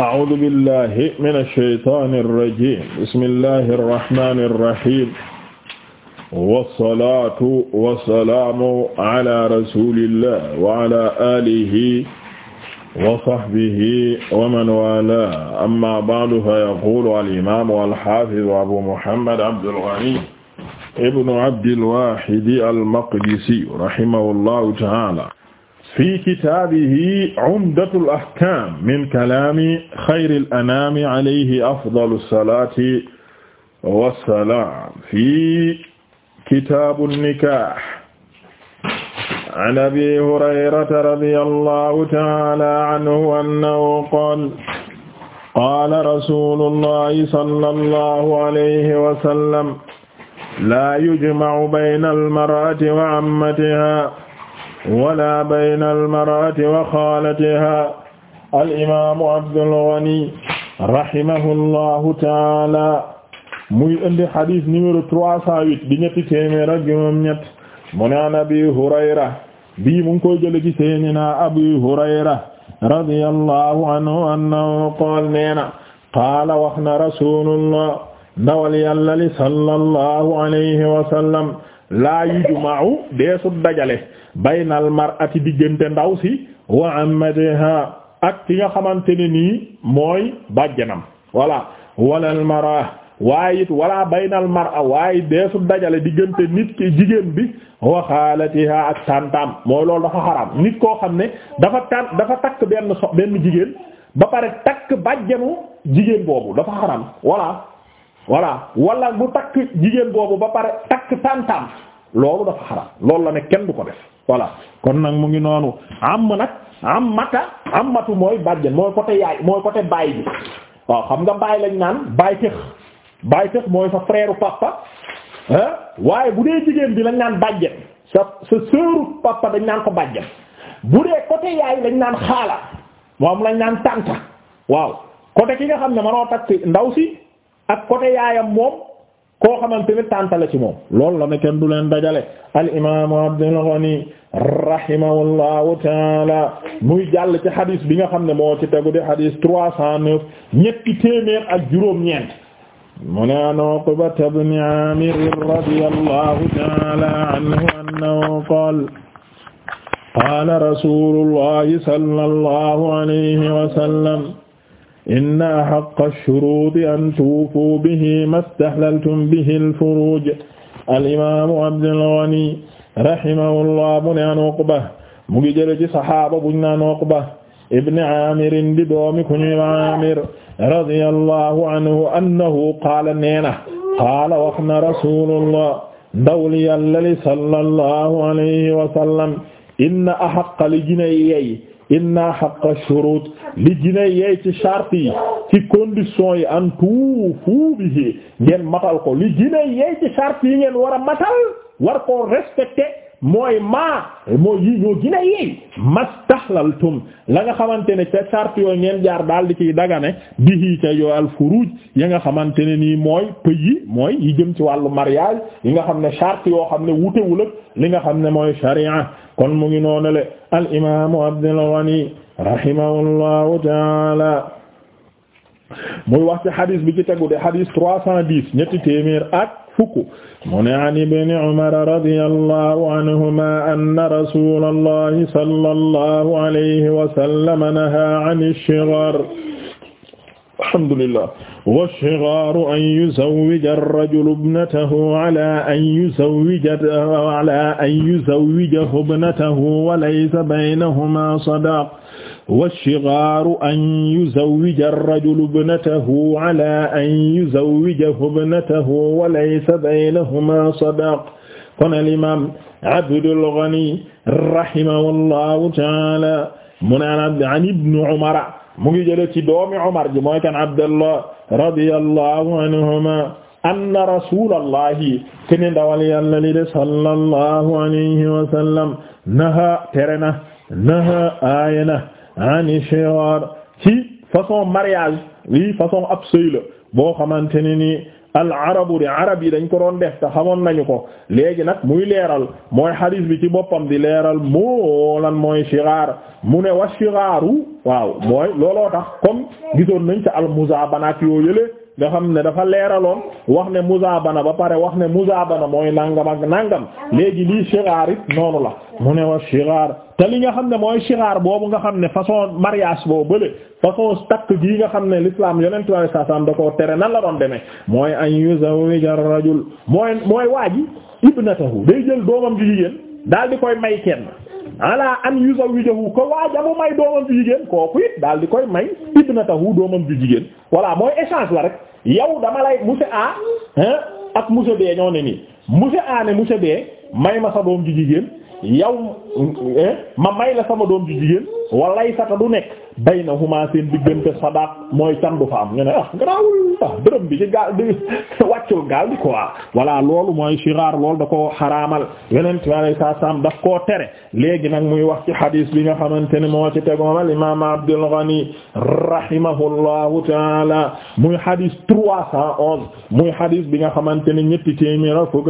أعوذ بالله من الشيطان الرجيم بسم الله الرحمن الرحيم والصلاة والسلام على رسول الله وعلى آله وصحبه ومن والاه أما بعد فيقول الإمام والحافظ أبو محمد عبد الغني ابن عبد الواحد المقدسي رحمه الله تعالى fi kitaabihi Umdatul Ahkaam min kalaami xayril anaami alayhi afdalu salaati wa salaam fi kitaabu nikaah an Abii Hurayrata radiyallaahu ta'aalaa anhu annahu qaala qaala rasuulullaahi sallallaahu alayhi wa sallam laa yujma'u bayna al-mar'ati wa ammatihaa wala bayna almarati wa xaalatiha alimamu abdulgani rahimahullahu taala muy indi hadith numéro trois cent huit bi ñetti téeméer ak juróom ñett mu ne an abi hurayra bii mu ngi koy jële ci seydina abi hurayra radiyallahu anhu annahu qaal neena qaala wax na rasulullah ndawal yàlla li sallallahu alayhi wa sallam laa yujma'u deesu dajale baynal mar'ati diggante ndaw si wa amatiha ak ki nga xamante ne nii mooy bàjjanam voilà walal mara waaye it wala baynal mar'a waaye deesu dajale diggante nit ki jigéen bi wa xaalatiha ak tàntaam mooy loolu dafa xaraam nit koo xam ne dafa tàn dafa takk benn so benn jigéen ba pare takk bàjjanu jigéen boobu dafa xaraam voilà voilà bu takk jigéen boobu ba pare takk tàntaam loolu dafa xaram loolu la ne kenn du ko def voilà kon nag mu ngi noonu am nag am mata am matu mooy bàjjen mooy côté yaay mooy côté baay bi waaw xam nga baay lañ naan baay tëx baay tëx mooy sa frère papa ah waaye bu dee jigéen bi lañ naan bàjjen sa sa sœur papa dañ naan ko bàjjen bu dee côté yaay lañ naan xaala moom lañ naan tànta waaw côté ki nga xam ne manoo takk ndaw si ak côté yaayam moom koo xamante ne la ci moom loolu la ne kenn du leen dajale al imaamu Abdul Ghani rahimahullahu taala muy jàll ci hadis bi nga xam ne moo ci tegu di hadis trois cent neuf ñetti téeméer ak juróom-ñeent mu ne an Uqbata ibn Aamir radiyallahu taala anhu annahu qaala qaala rasuulullahi sallallahu alayhi wa sallam inna haqqa shuruuti an tuufuu bihi mastahlaltum bihi al-furuuj al-imaamu Abdul Ghani rahimahullah mu ne an Uqba mu ngi jële ci saxaaba buñ naan Uqba ibn Aamir di doomi ku ñuy Aamir radiyallahu anhu annahu qaala neena qaala wax na rasulullah ndawli yàlla li sallallahu alayhi wa sallam inna ahaqqa li jinay yey inna haqqa shurut li gine yey ci charte yi ci condition yi an tuufu bihi ngeen matal ko li gine yey ci charte yi ngeen war a matal war ko respecté mooy maa mooy yi ñoo gine yey mastahlaltum la nga xamante ne ca ngeen jaar daal di ciy dagane bihi ca yoo al ya nga xamante ne nii mooy pëy yi mooy yi jëm ci wàllu mariage yi nga xam ne charte yoo xam ne wutewul ak li nga xam ne mooy sharia kon mu ngi noonale al imaamu Abdul Ghani rahimahullahu taala muy wax ci xadis bi ci tegu de xadis trois cent dix ñetti téeméer ak fukk mu ne an ibn Umar radiyallahu anhuma anna rasulallahi sallallahu alayhi wa sallam naha an ash-shighar alhamdulillah والشغار أن يزوج الرجل ابنته على أن يزوج على أن يزوجه ابنته وليس بينهما صداق والشغار أن يزوج الرجل ابنته على أن يزوجه ابنته وليس بينهما صداق kon al-imaam Abdul Ghani rahimahullahu ta'aala mu ne an Ibn Umar mu ngi jële ci doomi Umar ji mooy kan Abdallah radiyallahu anhuma anna rasulallahi kene ndawal yàlla li de sallallahu alayhi wa sallam naha tere na ani shirar ci façon mariage wi façon ab sëy la al arabu di arab yi dañ ko doon def te xamoon nañu ko léegi nag muy leeral mooy xadis bi ci boppam di leeral moo lan mooy shigaar mu ne wa shigaaru waaw mooy looloo tax comme gisoon nañ ca al muzaabanaat yoo yële nga xam ne dafa leeraloon wax ne muzaabana ba pare wax ne muzaabana mooy nangam ak nangam léegi lii shiraar it noonu la mu ne wa shiraar te li nga xam ne mooy shiraar boobu nga xam ne façon mariage boobu bële façon takk gii nga xam ne l'islam yonent bi saa saam da koo tere nan la doon demee mooy an yuzawwija rajul mooy mooy waa ji ibnatahu day jël doomam jigéen daal di koy may kenn ala an yuzawijahu ko waaja mu may doomam ju jigéen kooku it daal di koy may ibnatahu doomam ju jigéen voilà mooy échange la rek yow dama lay monsieur A ak monsieur B ñoo ne nii monsieur A ne monsieur B may ma sa doom ju jigéen yow ma may la sama doom ji jigéen walay sata du nekk baynahuma seen diggante sadaq mooy can du fa am ñu ne ah garaawul ah, bi ci gaal di wàccul gaal di quoi voilà loolu mooy siraar loolu da ko xaraamal yonent bi alayhi salaam daf koo tere léegi nag muy wax ci xadiis bi nga xamante ne moo ci tegoom al imaam Abdul Ghani rahimahullahu taala muy xadiis bi nga xamante ne ñetti téeméer ak fukk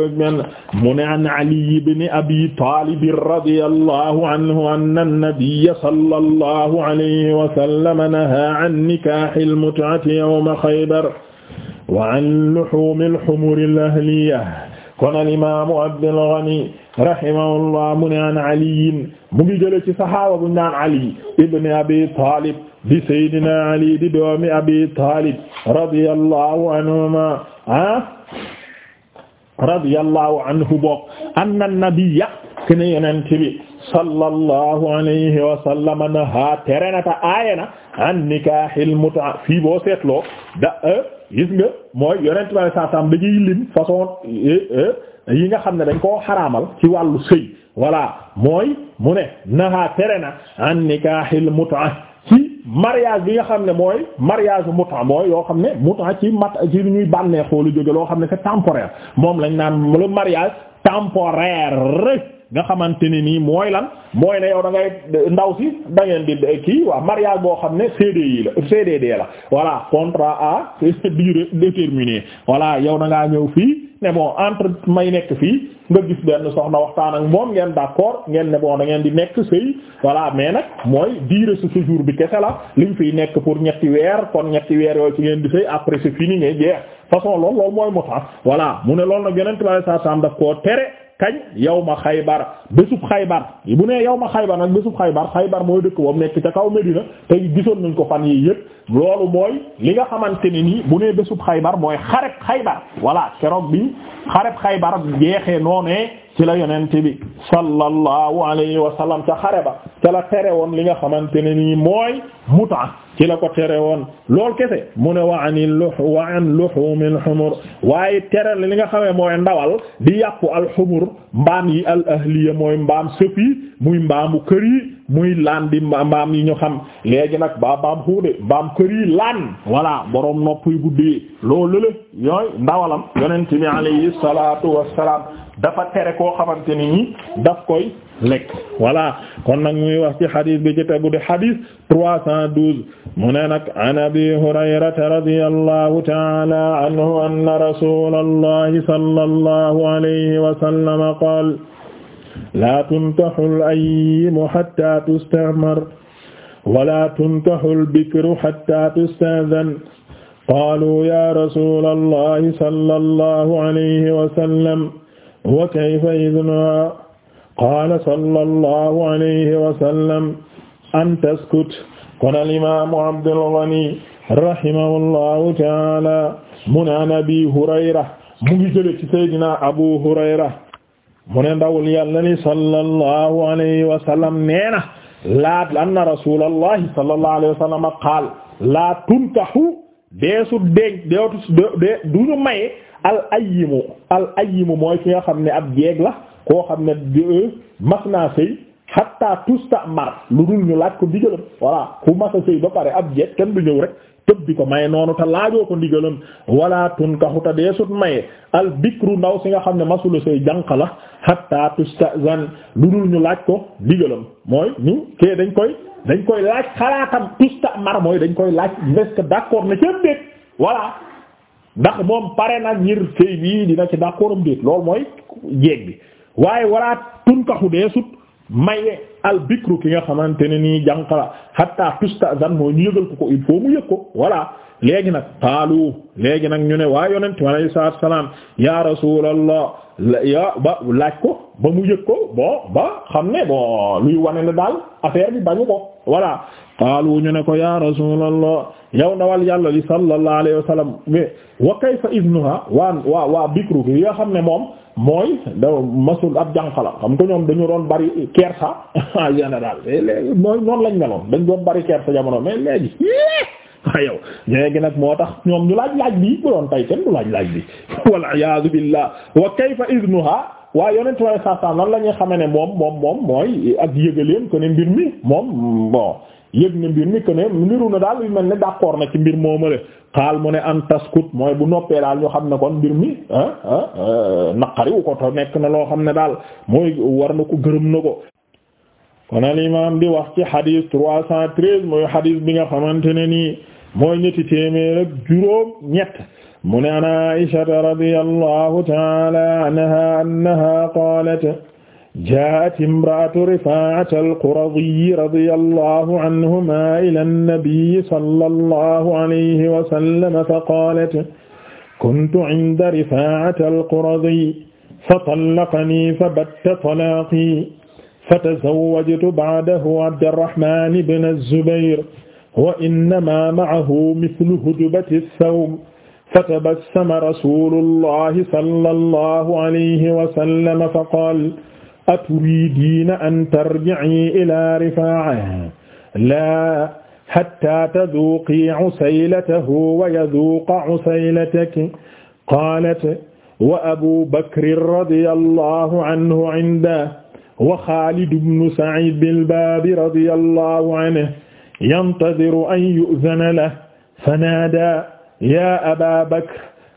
mu ne an Ali ibn Abi Talib radiyallahu anhu anna sallallahu alayhi wa sallam nahaa an nikaahi al-mut'ati yawma Xaybar wa an luhuumi al-humuri al-ahliyya kon al-imaamu Abdul Ghani rahimahullah mu ne an Ali mu ngi jële ci saxaaba bu ñu naan Ali ibn Abi Taalib di Seydina Ali di doomi Abi Taalib radiyallahu anhuma ah radiyallahu anhu bokk anna nabiyya kene yonent bi sallallahu alayhi wa sallam naha terenata aayana an nikahil muta fii boo seetloo da e, gis nga mooy yonent bi saa saam dañuy lim façon e, e, yi nga xam ne dañ koo xaraamal ci wàllu sëy voilà mooy mu ne naha tere na an nikahil muta ci mariage bi nga xam ne mooy mariage muta mooy yoo xam ne muta ci mat ci ñuy bànnee xoolu jóge loo xam ne c'est temporaire moom lañ naan le mariage temporaire nga xamante ne nii mooy lan mooy ne yow da ngay ndaw si da ngeen di kii waa mariage boo xam ne CDI la CDD la voilà contrat a durée déterminée voilà yow da ngaa ñëw fii ne bon entre may nekk fii nga gis benn soxna waxtaan ak moom ngeen d'accord ngeen ne bon da ngeen di nekk sëy voilà mais nag mooy durée su séjour bi kese la liñ fiy nekk pour ñetti weer kon ñetti weer yooyu ci ngeen di sëy après c'est fini ngay jeex façon loolu loolu mooy mu tax voilà mu ne loolu nag yeneen tubaab kañ yawma xaybar bésub xaybar bu nee yawma xaybar nag bésub xaybar xaybar mooy dëkk boobu nekk ca kaw Medina te gisoon nañ ko fan yi yëpp loolu mooy li nga xamante ne nii bu nee bésub xaybar mooy xareb xaybar voilà keroog bi xareb xaybar jeexee noonee ci la yonent bi sallallahu alayhi wa sallam ca xare ba ca la tere woon li nga xamante ne nii mooy muta ci la ko tere woon lool kese mu ne wa an luh wa an luhumil humur waaye tere li nga xamee mooy ndawal mbaam yi al ahliya mooy mbaam sëf yi muy mbaamu kër yi muy laan di mbaam yi ñu xam léegi nag baa mbaam xuude mbaam kër yi laan voilà boroom nopp yu guddee loolu la yooyu ndawalam yonent alayhi salaatu wassalaam dafa tere koo xamante ni ñi daf koy lekk voilà kon nag muy wax ci xadis bi ci tegu di xadis trois cent douze mu ne nag an abi hurayrata radiyallahu ta'ala anhu anna rasulallahi sallallahu alayhi wa sallam qaala laa tunkahul ayyimu hatta tusta'mar wala tunkahul bikru hatta tusta'zan qaalu ya rasulallah sallallahu alayhi wa sallam wa kayfa idna qaala sallallahu alayhi wa sallam an taskut kon al-imaamu Abdul Ghani rahimahullahu ta'ala mu naan Abi Hurayra mu ngi jële ci Seydina Abu Hurayra mu ne ndawul Yàlla li sallallahu alayhi wa sallam neena laa anna rasulallahi sallallahu alayhi wa sallam qaal laa tunkahu deesu deeg deetu du ñu maye al ayyimu al ayyimu mooy ki nga xam ne ab jeeg la koo xam ne euh, mas naa sëy hatta tusta mar lu dul ñu laaj ko ndigalam voilà ku mas a ba pare ab jeeg kenn du ñëw rek tëb ko maye noonu te laajoo ko ndigalam wala tunkahu ta deesut maye al bikru ndaw si nga xam ne masula sëy jànq la hatta tustazan lu dul ñu laaj ko ndigalam mooy ñu kee dañ koy dañ koy laaj xalaatam tusta mar mooy dañ koy laaj est-ce d'accord na ci déet voilà ndax moom pare na ngir sëy bi dina ci d'accord am déet loolu mooy jeeg bi waaye wala tunkaxu dee sut maye al bikru ki nga xamante ne nii jànq la hatta tustazan moo ñu yëgal ko ko il faut mu yëg ko voilà léegi nag qaalu léegi nag ñu ne waa yonent mi alayhi salaatu salaam ya rasuulallah ya ba laaj ko ba mu yëg ko bon ba xam ne bon luy wane la daal affaire bi bañu ko voilà qaalu ñu ne ko ya rasuulallah yow ndawal yàlla li sallallahu alayhi wa sallam wa kayfa ibnuha waa waa waa bikru bi nga xam ne moom mooy da masul ab janq la xam ko ñoom dañu doon bari kersa en général léegi mooy noonu lañ meloon dañ doon bari kersa jamono mais léegi yow léegi nag moo tax ñoom ñu laaj laaj bi bu doon tay kenn du laaj laaj bi wal iyaadu billah wa kayfa idnuha waa yonent waaye saasaam lan la ñuy xamee ne moom moom moom mooy ak yëgaleen ko ne mbir mi moom bon yëg ne mbir mi ko ne niru na daal yu mel ne d'accord na ci mbir moomale xaal mu ne an taskut mooy bu noppee daal ñu xam ne kon mbir mi ah, ah, ah, naqariwu ko te nekk na loo xam ne daal mooy war na ko gërëm na ko kon al imaam di wax ci xadiis trois cent treize mooy xadiis bi nga xamante ne nii mooy ñetti téeméer ak juróom ñett mu ne an aishata radiyallahu taala anha annaha qalat jaat imraatu rifaata alquradiyi radiyallahu anhuma ila annabiyi sallallahu alayhi wa sallam fa qalat kuntu inda rifaata alquradiyi fatallaqani fabatta talaaqi fatazawwajtu ba'dahu abdarrahmaan ibn az-zubayr wa innama ma'ahu mithlu hudbati ath-thawb fatabassama rasulullahi sallallahu alayhi wa sallam faqala aturidiina an tarji'i ila rifaa'ihi laa hatta taduuqi 'usaylatahu wa yaduuqa 'usaylataki qaalat wa abu bakrin radiyallahu anhu 'indahu wa xaalid ibnu sa'iid bil baabi radiyallahu anhu yantadiru an yu'zana lahu fanaadaa yaa Abaa Bakr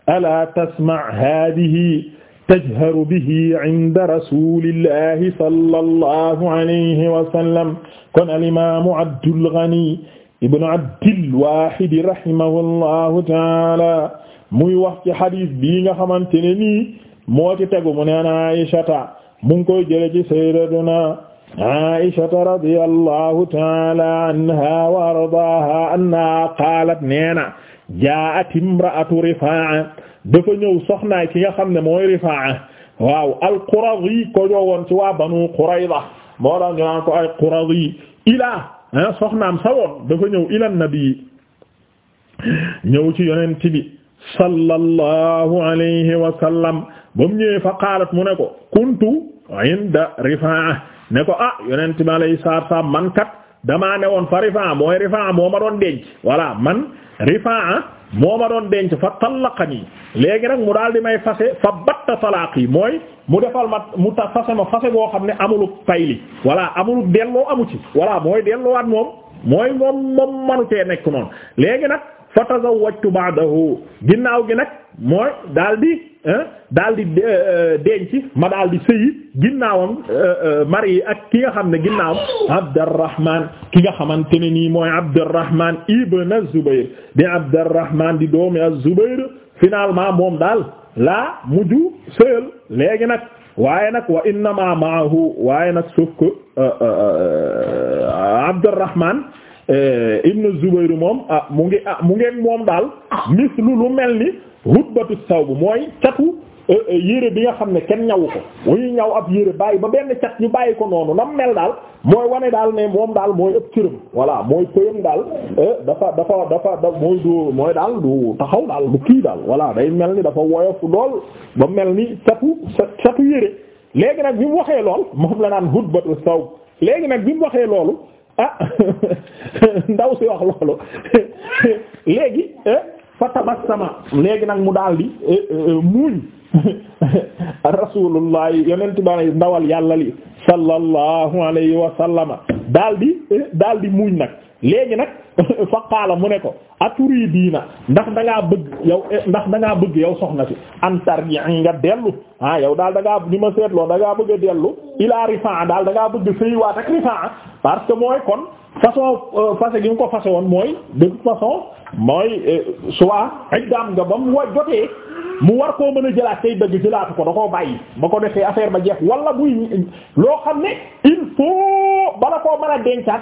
alaa tasma' haadihi tajharu bihi inda rasuulillahi sallallahu alayhi wa sallam kon alimaamu Abdul Ghani ibn Abdil Waahid rahimahullahu taala muy wax ci xadis bii nga xamante ne nii moo ci tegu mu ne Aysata mu ngi koy jëlee ci sayyidatuna aishata radi allahu taala anha wa ardaha annaha qaalat neena jaat imraatu rifaa dafa ñëw soxnaay ki nga xam ne mooy rifaa waaw alquradi ko joowoon ci waa banu qurayda moo dax ñu naan ko ay quradi ilaa soxnaam sa woon dafa ñëw ila nabi ñëw ci yonent bi sallallahu alayhi wa sallam ba mu ñëwee fa qaalat mu ne ko kuntu inda rifaa ne ko ah yonent mi alayhi salaatu salaam man kat damaa ne woon fa rifaa mooy rifaa moo ma doon denc voilà man rifaa moo ma doon denc fa tallaqani léegi nag mu daal di may fase fa batta talaaqi mooy mu defal ma mu ta fase ma fase boo xam ne amulu payli voilà amulu delloo amu ci voilà mooy delloowaat moom mooy moom moom manu cee nekk noon léegi nag fa tazawwajtu ba'dahu ginnaaw gi nag mooy daal di daal di euh, euh, denc ma daal di sëyi ginnaawam euh, mari ak ki nga xam ne ginnaawam Abdurrahman ki nga xamante ne nii mooy Abdurrahman ibn az-Zubayr di Abdurrahman di doomi az-Zubayr finalement moom daal la mujj sëyal léegi nag waaye nag wa innama maahu waaye nag suuf Eh, Ibn Zubayr moom ah mu ngi ah mu ngeen moom daal mislu lu mel ni hutbatu bu mooy catu eh, eh, yére bi nga xam ne kenn ñawu ko bu ñaw ab yére bàyyi ba benn cat ñu bàyyi ko noonu nam mel daal mooy wane daal ne moom daal mooy ëpp cëram voilà mooy pëyam daal dafa dafa dafa mooy du mooy daal du taxaw daal du kii daal voilà day mel ni dafa woyof lool ba mel ni catu catu yére léegi nag bi mu waxee lool moom la naan hutbatu sawb léegi nag bi mu waxee loolu ah ndaw si wax loolu léegi eh, fa tabassama léegi nag mu daldi eh, eh, muuñ rasulullah yonent ba ndawal yàlla li sallallahu alayhi wa sallama daldi daldi muuñ nag léegi nag fa qaala mu ne ko aturi diina ndax da bëgg yow eh, ndax da ngaa bëgg yow soxna si antar yi nga dellu ah yow daal da ngaa ni ma seetloo da bëgg a dellu ilaa rifaa daal da bëgg sëywaat ak rifaa parce que mooy kon façon euh, fase gi nga ko fase woon mooy de toute façon mooy euh, soit iddaam nga ba mu wa jotee mu war koo mën a jëlaat tay dëgg jëlaatu ko da koo bàyyi ba ko defee affaire ba jeex walla buy loo xam ne il faut bala koo mën a dencaat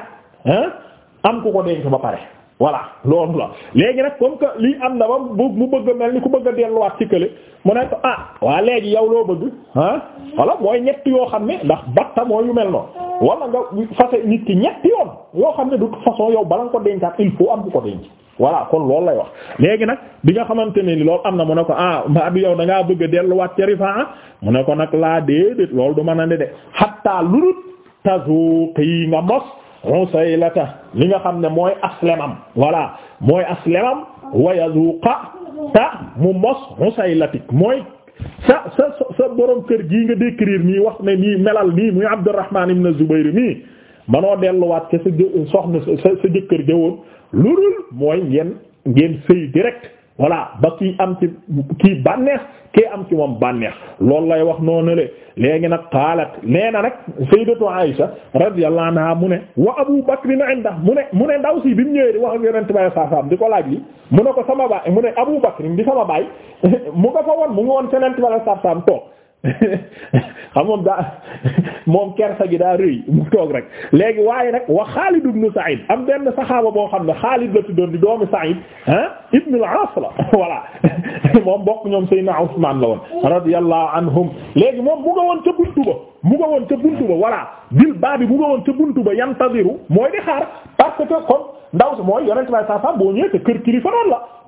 am ku ko denc ba pare voilà loolu la léegi nag comme que lii am na ba mu bëgg mel ni ku bëgg a delluwaat ci kële mu ne ko ah waa léegi yow bëgg ah voilà mooy ñett yoo xam ne ndax batta mooy yu mel noonu nit ki ñetti yoon xam ne de toute yow bala ko dencaat il faut am ku ko denc voilà kon loolu lay wax léegi nag bi nga xamante ne ni am na mu ne ko ah mbaa yow da ngaa bëgg a delluwaat ca rifaa mu ne ko nag laa déedéet loolu du mën a ne de xattaa lurut tazuqi nga mos Usaylata li nga xam ne mooy aslemam voilà mooy aslemam wa yazuqa ta mu mos Usaylatik mooy sa sa borom kër gii nga décrire nii wax ne nii melal nii muy Abdurrahman ibn Zubayr nii manoo delluwaat ca sa soxna sa sa jëkkër jëwoon loolu mooy ngeen ngeen sëy direct voilà ba kii am ci kii bànneex kii am ci moom bànneex loolu lay wax noonu le léegi nag qaalat nee na nag sayyidatu Aisha radiyallahu anha mu ne wa Abu Bakr inda mu ne mu ne ndaw si bi mu ñëwee di wax ak Yonent bi saa saam di ko laaj li mu ne ko sama baay mu ne Abu Bakr di sama baay mu nga fa woon mu ngi woon Yonent bi saa saam toog xam moom daa moom kersa gi daa rëy mu toog rek léegi waaye nag wa Xaalid ibn Saïd am benn saxaaba boo xam ne Xaalid la tuddoon di doomi Saïd ah ibn al-As la voilà moom bokk ñoom Seydina Usmaan la woon radiyallahu anhum léegi moom bu nga woon ca buntu ba mu nga woon ca buntu ba voilà bil baa bi mu nga woon ca buntu ba yantaziru mooy di xaar parce que comme ndaw si mooy yonent bay saa saam boo ñëwee te kër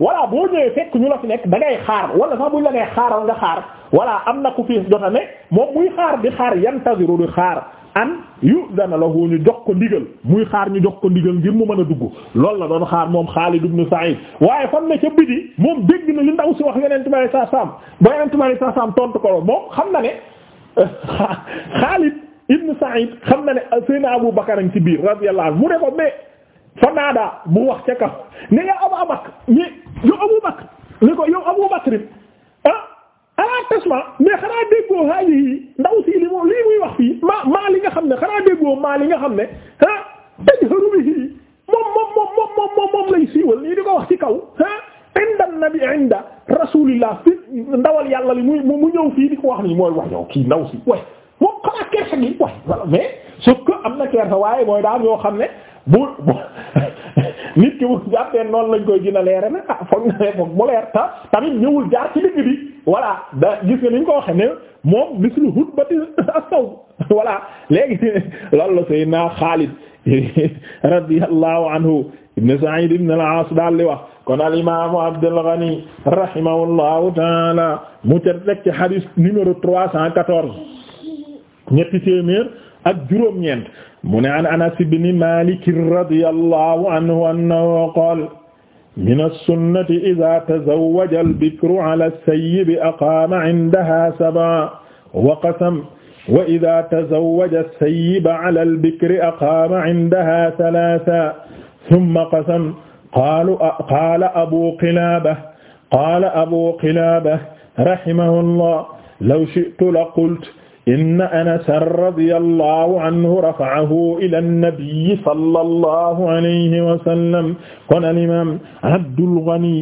la nekk da ngay xaar wala sax buñ la ngay xaar voilà am na ku fi jota ne moom xaar di xaar yantaziru di xaar an yu dana lahu ñu jox ko ndigal muy xaar ñu jox ko ndigal ngir mu mën a dugg loolu la doon xaar moom Xaalid ibn Sa'id waaye fan na li ndaw si wax yonent bay saa saam ba yonent bay saa saam tontu ko moom xam na ne Xaalid ibn Sa'id xam na ne Seydina Abu Bakar ci biir radiyallahu anhu mu ne ko fa naada mu wax ca kaw ne yaa Abu Bakar ñi yow Abu Bakar ne ko yow Abu Bakar ah ala ah, tasma mais xanaa déggoo haaji yi ndaw si li mu lii muy wax fii maa maa li nga xam ne xanaa déggoo maa li nga xam ne ah tajharu bihi moom moom moom moom moom moom lay siiwal nii di ko wax ci kaw ah, inda nabi inda rasulillah fi ndawal yàlla li muy mu ñëw fii di ko wax nii mooy wax yow kii ndaw si waaye am na kersa waaye mooy daal yoo xam ne bu nit ki bu jàppee noonu lañ koy gën a leere na ah foog na mu leer ta tamit ñëwul jaar ci digg bi voilà da gis nga ni ko waxee ne moom mislu hutbati as-sawb voilà léegi loolu la Seydina Xaalid radiyallahu anhu ibn Sa'id ibn al-As daal di wax kon al imaamu Abdul Ghani rahimahullahu taala mu ca rek ci hadis numéro trois cent quatorze ñetti téeméer ak juróom-ñeent mu ne an Anas ibn Malik radiyallahu anhu annahu qaala min as-sunnati idha tazawwaja al-bikru ala as-sayyibi aqaama 'indaha sab'an wa qasam wa idha tazawwaja as-sayyiba ala al-bikri aqaama 'indaha thalatha summa qasam qaalu qaala abu qilaaba qaala abu qilaaba rahimahullah law shi'tu la qultu inna anasan radiyallahu anhu rafa'ahu ila nabiyyi sallallahu alayhi wa sallam kon al-imaam Abdul Ghani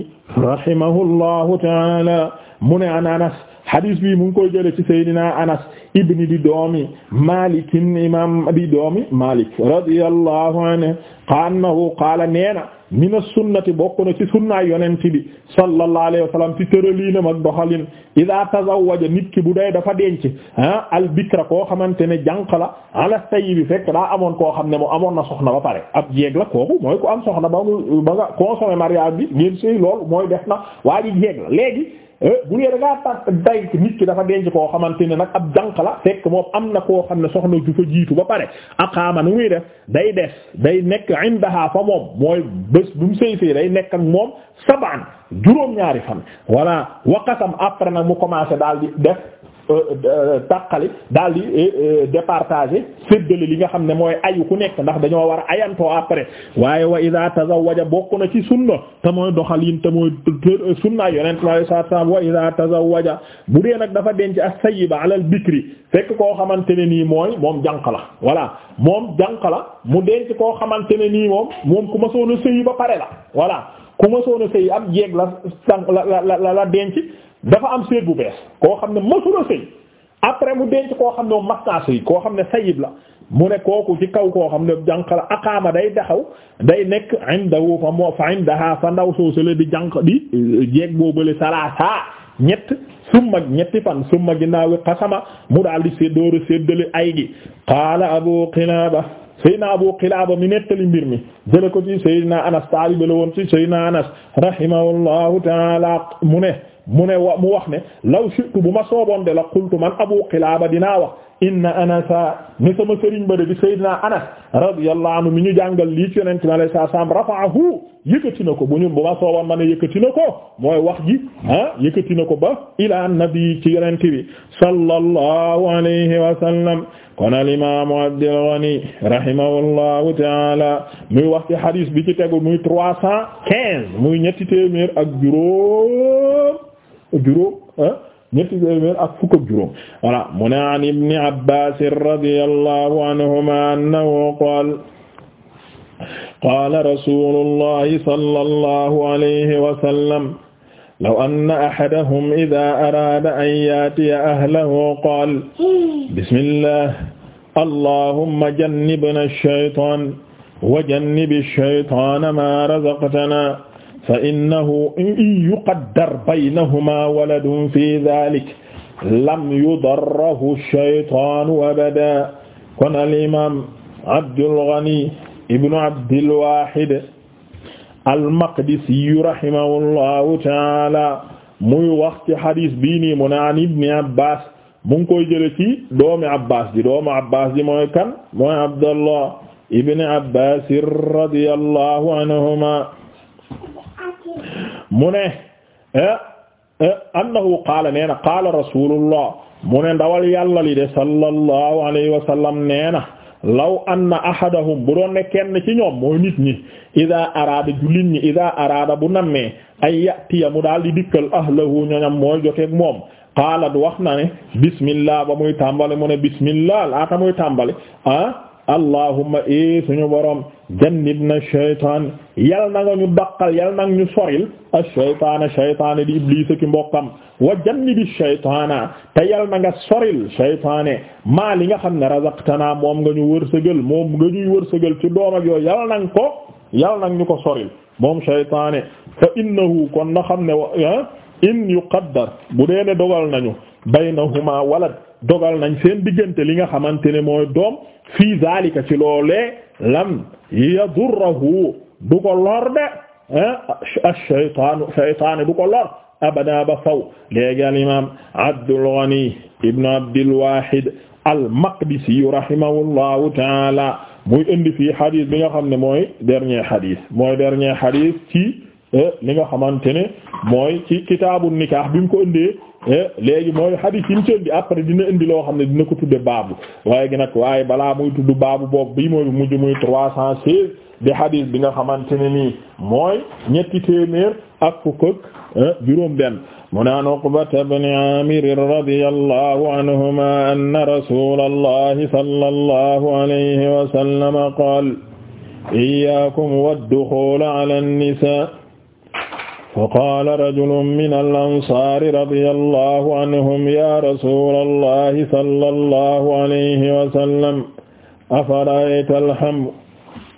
rahimahullahu ta'ala mu ne an Anas hadis bi mu ngi koy jële ci Seydina Anas ibni di doomi Malik imam di doomi Malik radiyallahu anhu annahu qaala neena mina sunnati bokk na ci sunnaay yonent bi sallallahu alayhi wa sallam ci tëraliinam ak doxalin idaa tazawwaja nit ki bu dee dafa denc ah albikra koo xamante ne jànq la ala tayyibi fekk daa amoon koo xam ne mu amoon na soxna ba pare ab jeeg la kooku mooy ku am soxna ba nga consommé mariage bi ngeen sëy lool mooy def na waa ji jeeg la léegi Eh, bu dee da ngaa tax day nit ki dafa denc koo xamante ne nag ab jànq la fekk moom am na koo xam ne soxna ju fa jiitu ba pare aqaama nu muy def day des day nekk indaha fa moom mooy bés bu mu sëy see day nekk ak moom sabaan juróom-ñaari fan voilà waqasam après nag mu commencé daal di def. Euh, euh, tàqali daal di euh, départager séddale li nga xam ne mooy ayu ku nekk ndax dañoo war a ayantoo après waaye wa ida tazawwaja bokk na ci sunna te mooy doxalin te mooy sunna yonent bi alayhi salaatu salaam wa ida bu dee nag dafa denc as-sayyiba alal bikri fekk koo xamante ne nii mooy moom jànq la voilà moom jànq la mu denc koo xamante ne nii moom moom ku ma soona sëyi ba pare la voilà ku ma soona sëyi am jeeg la la la la denc dafa am seet bu bees koo xam ne masula sëy après mu denc koo xam ne moom mastaa sëy koo xam ne sayib la mu ne kooku ci kaw koo xam ne jànq la aqaama day daxaw day nekk indahu fa moo fa indaha fa ndaw soo sale di jànq di euh, jeeg boobale salaasa ñett summa ñetti fan summa ginnaawi qasama mu daal di seet dóora séddale ay gi qaala abu qilaaba saydna abu qilaaba mi nettali mbir mi jële ko ci saydna anas taalibe la woon ci saydna anas rahimahullahu taala mu ne mu ne wa mu wax ne law shi'tu bu ma sooboon de la qultu man abu qilaaba dinaa wax inna anasa ni sama sëriñ ba de di sayyidina anas radiyallahu anhu mi ñu jàngal lii ci yonente mi alayhi salaam rafa'ahu yëkkati na ko bu ñu bu ma sooboon ma ne yëkkati na ko mooy wax ji ah yëkkati na ko ba ila nabi ci yonente bi sallallahu alayhi wa sallam kon al imaamu Abdul Ghani rahimahullahu taala muy wax ci hadis bi ci tegu muy trois cent quinze muy ñetti téeméer ak juróom juróom ah, ñetti téeméer ak fukk ak juróom voilà mu ne an ibni abbas radiyallahu anhuma annahu qaala qaala rasulullahi sallallahu alayhi wa sallam law anna ahadahum idha arada an yatiya ahlahu qaala bismillah allahumma jannibna ash-shaytaan wa jannibi ash-shaytaana maa razaqtanaa fa innahu in yuqaddar baynahuma waladun fi dhalik lam yudarrahu shaytaanu abada kon al imaam Abdul Ghani ibnu Abdil Waahid al-Maqdisi rahimahullahu taala muy wax ci hadis bii nii mu naan ibni Abbas mu ngi koy jële ci doomi Abbas di doomi Abbas di mooy kan mooy Abdallah ibni Abbas radiyallahu anhuma mu ne eh, eh, annahu qaala nee na qaala rasulullah ndawal yàlla de sallallahu alayhi wa sallam law anna ahadahum bu doon ne ci ñoom mooy nit ñi ida araada jullit ñi ida araada bu nammee ay yatiya daal di dikkal ahlahu ñoñam mooy joteeg moom qaalat wax na ne bismillah ba muy tàmbale mu bismillah laata muy tàmbale ah allahumma e suñu borom na shaytaan yal na nga ñu daqal yal na nga ñu soril ash-shaytaana shaytaane di iblis ki mbokkam wa jannibi shaytaana te yal na nga soril shaytaane maa li nga xam ne razaqtana moom nga ñu wërsëgal moom nga ñuy wërsëgal ci doom ak yooyu yal na ko yal na nga ñu ko soril moom shaytaane fa innahu ko na xam ne wa ah, yu yuqaddar bu dee ne dogal nañu baynahuma walad dogal nañ seen diggante li nga xamante ne mooy doom fii zalika ci loolee lam yadurruhu du ko lor de ah, ash-shaytaanu shaytaani du ko lor abada ba faw léegi al imam Abdul Ghani ibnu Abdil Wahid al-Maqdisi rahimahullahu taala indi fii hadith bi nga xam ne mooy dernier hadith mooy dernier hadith ci eh, li nga xamante ne mooy ci kitaabu nikah bi mu ko indee Eh, léegi mooy hadith yi mu ci indi après dina indi loo xam ne dina ko tudde baabu waaye gi nag waaye balaa muy tudd baabu boobu bii mooy mujj muy trois cent seize di hadith bi nga xamante ne nii mooy ñetti téeméer ak fukk ak eh, juróom benn mu ne an Uqbata ibn Aamir radiyallahu anhuma anna rasulallahi sallallahu alayhi wa sallam qaala iyyakum wad-dukhul ala an-nisaa fa qaala rajulun min al-ansaari radiyallahu anhum ya rasuulallahi sallallahu alayhi wa sallam afara'ayta al-hamu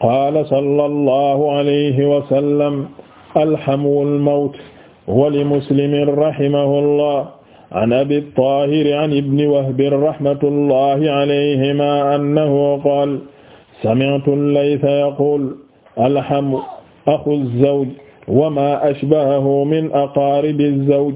qaala sallallahu alayhi wa sallam alhamu al-mawt wa limuslimin rahimahullah an abi ttaahiri an ibni wahbin rahmatullahi alayhima annahu qaala sami'tu al-laytha yaquulu alhamu axu az-zawj wa ma ashbahahu min aqaribi az-zawj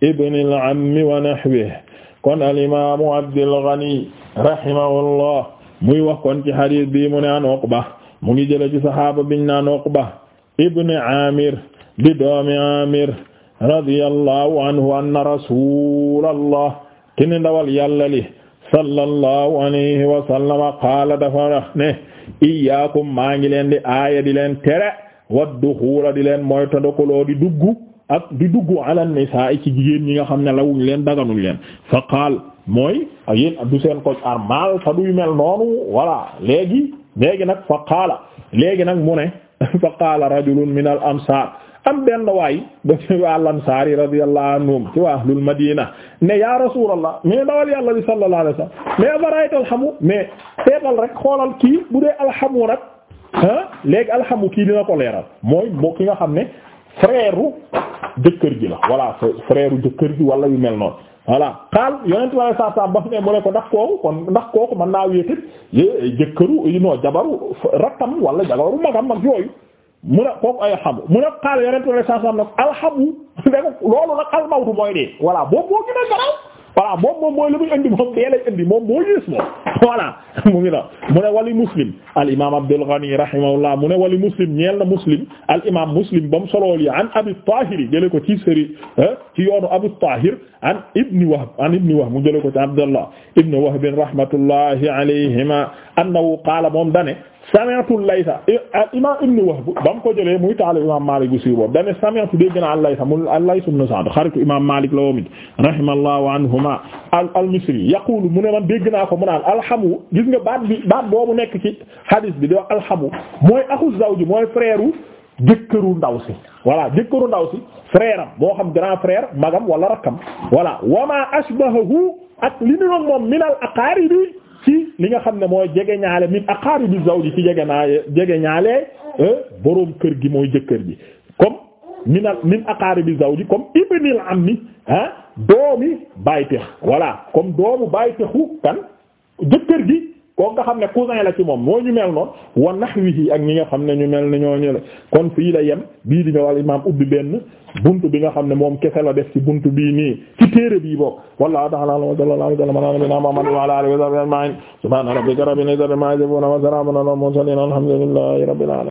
ibni al-ammi wa nahwihi kon al-imaamu Abdul Ghani rahimahullah muy wax kon ci hadiis bi mu ne an Uqba mu ngi jële ci sahaaba biñ naan Uqba ibni Aamir di doomi Aamir radiyallahu anhu anna rasuulallah kene ndawal Yàlla li sallallahu alayhi wa sallam qaala dafa wax ne iyyaakum maa ngi leen di aaya di leen tere wadduxuula di leen mooy tandakaloo di dugg ak di dugg ala nisaa ci jigéen ñi nga xam ne lawuñ leen daganuñ leen fa qaal mooy a yéen du seen koc armal ta duy mel noonu voilà léegi léegi nag fa qaala léegi nag mo ne fa qaala rajulun min al ansar am benn waay da ci waa lansaari radiyallahu anhum ci waa ahlul madina ne ya rasulallah mais dawal yàlla bi sallallahu alayhi wasallam mais afarayta alxamu mais seetal rek xoolal kii bu dee alxamu rek ah léegi alxamu kii dina ko leeral mooy moo ki nga xam ne frère u jëkkër ji la voilà frère jëkkër ji wala yu mel noonu voilà xaal yonentu Yàlla saa ba fi ne mu ne ko ndax kooku kon ndax kooku mën naa wéetit jëkkëru non jabaru rakkam wala jabaru magam ak yooyu mu ne kooku ay xamu mu ne xaal yonentu Yàlla saa nag alxamu loolu nag almawtu mooy dee voilà boobu boo gën a garaw voilà moom moom mooy la muy indi moom dee lay indi moom moo yées moom voilà mu ngi la mu ne wali muslim al imam Abdul Ghani rahimahullah mu ne wali muslim ñeel na muslim al imam muslim ba mu solool yi an Abi Tahir yi jële ko ci sëri eh, ci yoonu Abu Tahir an ibni Wahb an ibni Wahb mu jële ko ci Abdullah ibni Wahb rahmatullahi alayhima annahu qaala moom dane sami'tu Laysa al imaam Ibn Wahb ba mu ko jëlee muy taal imaam Maalik bu siiw boobu dañ ne sami'tu dégg naa al-Laysa mu al-Laysa ibn Sa'd xaritu imaam Maalik la woon it rahimahullahu anhuma al-Misri yaqulu mu ne man dégg naa ko mu naan alxamu gis nga baat bi baat boobu nekk ci hadis bi di wax alxamu mooy axu zawji mooy frère jëkkëru ndaw si voilà jëkkëru ndaw si frère am moo xam grand frère magam wala rakkam voilà wa ma ashbahahu ak li ñu moom min al-aqaaribi ci li nga xam ne mooy jege ñaale min aqaribi zawji ci jege naa jege ñaale euh, boroom kër gi mooy jëkkër ji comme min al bi aqaribi zawji comme ibnil ammi ah doomi bàyyi tex voilà comme doomu bàyyi texu kan jëkkër gi koo nga xam ne cousin la ci moom moo ñu mel noonu wa nahwihi ak ñi nga xam ne ñu mel ne ñoo ñële kon fii la yem bii di ñëw al imaam ubbi benn buntu bi nga xam ne moom kese la def ci bunt bii nii ci téere bii bokk wallahu ta'ala wa wa sallam wa ala alihi wa sahbihi ajma'in subhana rabbika rabbil izzati amma yasifun wa salamun ala al mursalin alhamdulillahi rabbil alamin